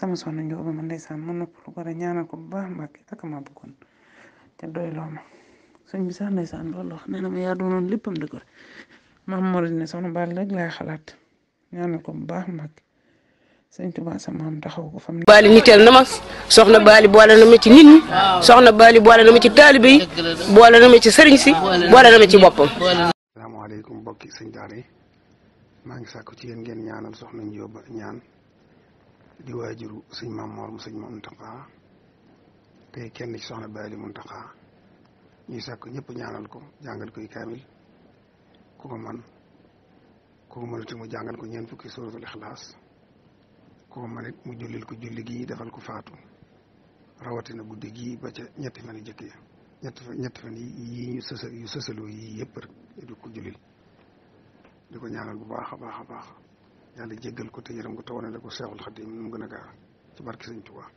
sama soxna Njóoba ma ndeysaan mu nopp lu ko rek ñaanal ko bu baax Mbàkke ak ma bëggoon te doy loo sëñ bi sax ndeysaan loolu wax nee na ma yaa doonoon léppam di ko rek maam moo ne soxna ko bu baax Mbàkke sëñ Tuubaa sa maam taxaw ko fam baali niteel na ma soxna baali boole na ma ci nit ñi soxna baali boole na ma ci taalibe yi boole na ma ci sëriñ si boole na ma ci boppam salaamaaleykum mbokki sëñ daara yi maa ngi sàkku ci yéen ngeen ñaanal soxna Njóoba ñaan di waajuru sëñ Maam Moor mu sëñ Muntaxa tey kenn ci soxna mu Muntaxa ñuy sàkk ñëpp ñaanal ko jàngal koy kaamil ku ko man ku ko mënati mu jàngal ko ñeent fukki suratul ixlaas ku ko manit mu jullil ko julli gii defal ko faatu rawatina guddi gii ba ca ñetti fan yi jëkk ya ñetti fan yi ñu sësal yu yëpp rek di ko jullil di ko ñaanal bu baax a baax a baax yàlla jéggal ko te yërëm ko te wane la ko Seexul Xadiim a gaaw ci barke Sëñ Tuubaa